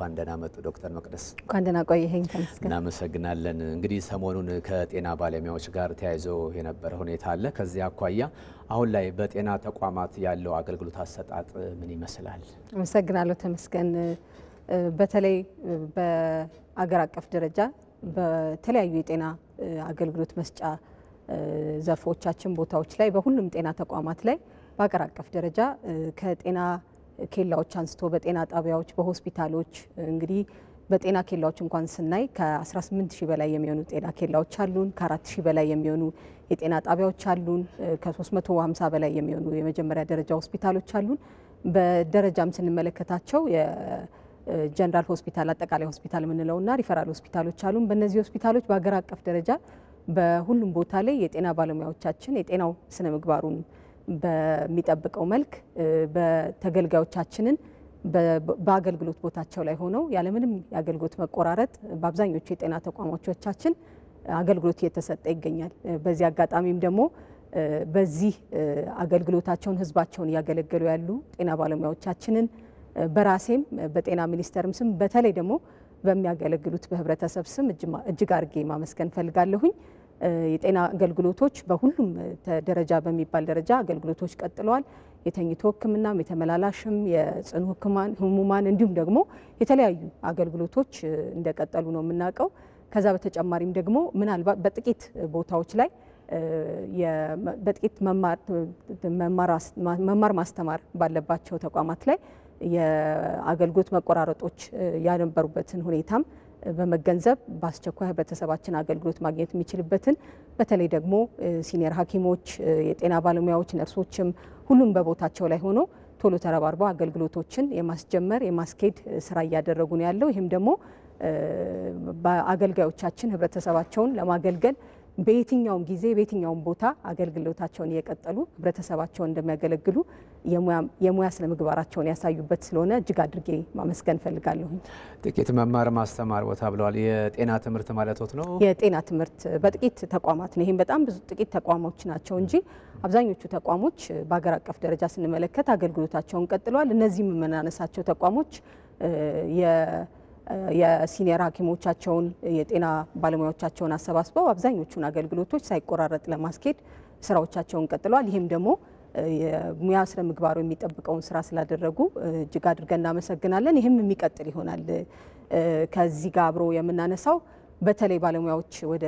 እንኳን ደህና መጡ ዶክተር መቅደስ። እንኳን ደህና ቆየኸኝ። ተመስገን። እናመሰግናለን። እንግዲህ ሰሞኑን ከጤና ባለሙያዎች ጋር ተያይዞ የነበረ ሁኔታ አለ። ከዚህ አኳያ አሁን ላይ በጤና ተቋማት ያለው አገልግሎት አሰጣጥ ምን ይመስላል? አመሰግናለሁ ተመስገን። በተለይ በአገር አቀፍ ደረጃ በተለያዩ የጤና አገልግሎት መስጫ ዘርፎቻችን ቦታዎች ላይ በሁሉም ጤና ተቋማት ላይ በአገር አቀፍ ደረጃ ከጤና ኬላዎች አንስቶ በጤና ጣቢያዎች፣ በሆስፒታሎች እንግዲህ በጤና ኬላዎች እንኳን ስናይ ከ18 ሺህ በላይ የሚሆኑ ጤና ኬላዎች አሉን። ከ4 ሺህ በላይ የሚሆኑ የጤና ጣቢያዎች አሉን። ከ350 በላይ የሚሆኑ የመጀመሪያ ደረጃ ሆስፒታሎች አሉን። በደረጃም ስንመለከታቸው የጀነራል ሆስፒታል አጠቃላይ ሆስፒታል የምንለውና ሪፈራል ሆስፒታሎች አሉን። በእነዚህ ሆስፒታሎች በሀገር አቀፍ ደረጃ በሁሉም ቦታ ላይ የጤና ባለሙያዎቻችን የጤናው ስነ ምግባሩን በሚጠብቀው መልክ በተገልጋዮቻችንን በአገልግሎት ቦታቸው ላይ ሆነው ያለምንም የአገልግሎት መቆራረጥ በአብዛኞቹ የጤና ተቋሞቻችን አገልግሎት እየተሰጠ ይገኛል። በዚህ አጋጣሚም ደግሞ በዚህ አገልግሎታቸውን ህዝባቸውን እያገለገሉ ያሉ ጤና ባለሙያዎቻችንን በራሴም በጤና ሚኒስቴርም ስም በተለይ ደግሞ በሚያገለግሉት በህብረተሰብ ስም እጅግ አርጌ ማመስገን ፈልጋለሁኝ። የጤና አገልግሎቶች በሁሉም ደረጃ በሚባል ደረጃ አገልግሎቶች ቀጥለዋል። የተኝቶ ሕክምናም የተመላላሽም የጽኑ ህሙማን እንዲሁም ደግሞ የተለያዩ አገልግሎቶች እንደቀጠሉ ነው የምናውቀው። ከዛ በተጨማሪም ደግሞ ምናልባት በጥቂት ቦታዎች ላይ በጥቂት መማር ማስተማር ባለባቸው ተቋማት ላይ የአገልግሎት መቆራረጦች ያነበሩበትን ሁኔታም በመገንዘብ በአስቸኳይ ህብረተሰባችን አገልግሎት ማግኘት የሚችልበትን በተለይ ደግሞ ሲኒየር ሐኪሞች፣ የጤና ባለሙያዎች፣ ነርሶችም ሁሉም በቦታቸው ላይ ሆኖ ቶሎ ተረባርበው አገልግሎቶችን የማስጀመር የማስኬድ ስራ እያደረጉ ነው ያለው። ይህም ደግሞ በአገልጋዮቻችን ህብረተሰባቸውን ለማገልገል በየትኛውም ጊዜ በየትኛውም ቦታ አገልግሎታቸውን እየቀጠሉ ህብረተሰባቸውን እንደሚያገለግሉ የሙያ ስነ ምግባራቸውን ያሳዩበት ስለሆነ እጅግ አድርጌ ማመስገን እፈልጋለሁ። ጥቂት መማር ማስተማር ቦታ ብለዋል። የጤና ትምህርት ማለቶት ነው። የጤና ትምህርት በጥቂት ተቋማት ነው። ይህም በጣም ብዙ ጥቂት ተቋሞች ናቸው እንጂ አብዛኞቹ ተቋሞች በሀገር አቀፍ ደረጃ ስንመለከት አገልግሎታቸውን ቀጥለዋል። እነዚህም የምናነሳቸው ተቋሞች የሲኒየር ሐኪሞቻቸውን የጤና ባለሙያዎቻቸውን አሰባስበው አብዛኞቹን አገልግሎቶች ሳይቆራረጥ ለማስኬድ ስራዎቻቸውን ቀጥለዋል። ይህም ደግሞ የሙያ ስነ ምግባሩ የሚጠብቀውን ስራ ስላደረጉ እጅግ አድርገን እናመሰግናለን። ይህም የሚቀጥል ይሆናል። ከዚህ ጋር አብሮ የምናነሳው በተለይ ባለሙያዎች ወደ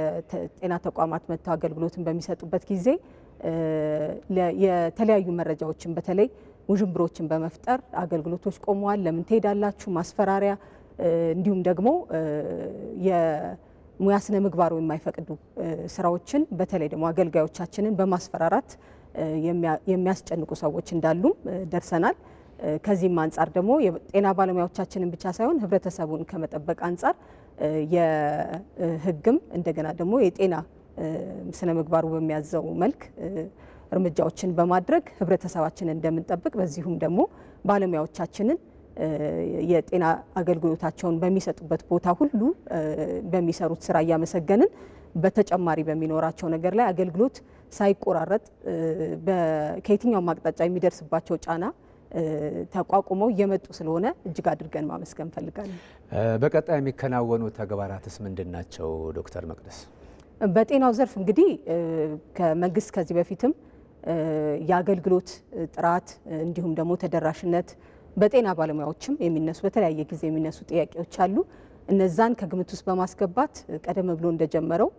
ጤና ተቋማት መጥተው አገልግሎትን በሚሰጡበት ጊዜ የተለያዩ መረጃዎችን በተለይ ውዥንብሮችን በመፍጠር አገልግሎቶች ቆመዋል፣ ለምን ትሄዳላችሁ፣ ማስፈራሪያ እንዲሁም ደግሞ የሙያ ስነ ምግባሩ የማይፈቅዱ ስራዎችን በተለይ ደግሞ አገልጋዮቻችንን በማስፈራራት የሚያስጨንቁ ሰዎች እንዳሉም ደርሰናል። ከዚህም አንጻር ደግሞ የጤና ባለሙያዎቻችንን ብቻ ሳይሆን ህብረተሰቡን ከመጠበቅ አንጻር የህግም እንደገና ደግሞ የጤና ስነ ምግባሩ በሚያዘው መልክ እርምጃዎችን በማድረግ ህብረተሰባችንን እንደምንጠብቅ በዚሁም ደግሞ ባለሙያዎቻችንን የጤና አገልግሎታቸውን በሚሰጡበት ቦታ ሁሉ በሚሰሩት ስራ እያመሰገንን በተጨማሪ በሚኖራቸው ነገር ላይ አገልግሎት ሳይቆራረጥ ከየትኛውም አቅጣጫ የሚደርስባቸው ጫና ተቋቁመው እየመጡ ስለሆነ እጅግ አድርገን ማመስገን እንፈልጋለን። በቀጣይ የሚከናወኑ ተግባራትስ ምንድን ናቸው? ዶክተር መቅደስ በጤናው ዘርፍ እንግዲህ ከመንግስት ከዚህ በፊትም የአገልግሎት ጥራት እንዲሁም ደግሞ ተደራሽነት በጤና ባለሙያዎችም የሚነሱ በተለያየ ጊዜ የሚነሱ ጥያቄዎች አሉ። እነዛን ከግምት ውስጥ በማስገባት ቀደም ብሎ እንደጀመረው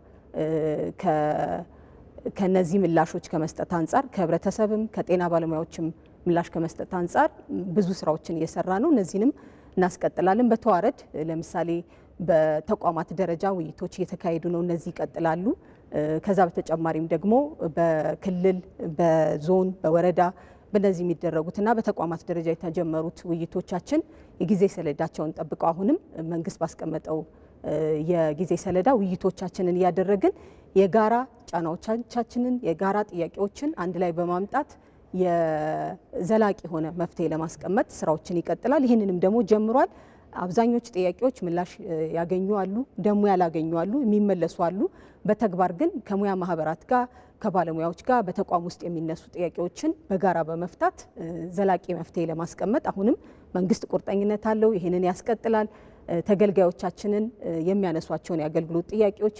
ከነዚህ ምላሾች ከመስጠት አንጻር ከህብረተሰብም ከጤና ባለሙያዎችም ምላሽ ከመስጠት አንጻር ብዙ ስራዎችን እየሰራ ነው። እነዚህንም እናስቀጥላለን። በተዋረድ ለምሳሌ በተቋማት ደረጃ ውይይቶች እየተካሄዱ ነው። እነዚህ ይቀጥላሉ። ከዛ በተጨማሪም ደግሞ በክልል፣ በዞን፣ በወረዳ በእነዚህ የሚደረጉትና በተቋማት ደረጃ የተጀመሩት ውይይቶቻችን የጊዜ ሰሌዳቸውን ጠብቀው አሁንም መንግስት ባስቀመጠው የጊዜ ሰሌዳ ውይይቶቻችንን እያደረግን የጋራ ጫናዎቻችንን የጋራ ጥያቄዎችን አንድ ላይ በማምጣት የዘላቂ የሆነ መፍትሄ ለማስቀመጥ ስራዎችን ይቀጥላል። ይህንንም ደግሞ ጀምሯል። አብዛኞቹ ጥያቄዎች ምላሽ ያገኙ አሉ፣ ደግሞ ያላገኙ አሉ፣ የሚመለሱ አሉ። በተግባር ግን ከሙያ ማህበራት ጋር ከባለሙያዎች ጋር በተቋም ውስጥ የሚነሱ ጥያቄዎችን በጋራ በመፍታት ዘላቂ መፍትሄ ለማስቀመጥ አሁንም መንግስት ቁርጠኝነት አለው። ይህንን ያስቀጥላል። ተገልጋዮቻችንን የሚያነሷቸውን የአገልግሎት ጥያቄዎች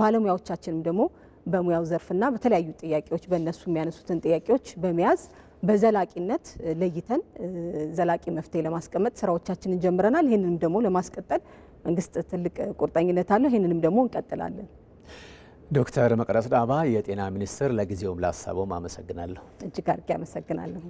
ባለሙያዎቻችንም ደግሞ በሙያው ዘርፍና በተለያዩ ጥያቄዎች በእነሱ የሚያነሱትን ጥያቄዎች በመያዝ በዘላቂነት ለይተን ዘላቂ መፍትሄ ለማስቀመጥ ስራዎቻችንን ጀምረናል። ይህንንም ደግሞ ለማስቀጠል መንግስት ትልቅ ቁርጠኝነት አለው። ይህንንም ደግሞ እንቀጥላለን። ዶክተር መቅደስ ዳባ የጤና ሚኒስትር፣ ለጊዜውም ላሳቦም አመሰግናለሁ። እጅግ አድርጌ አመሰግናለሁ።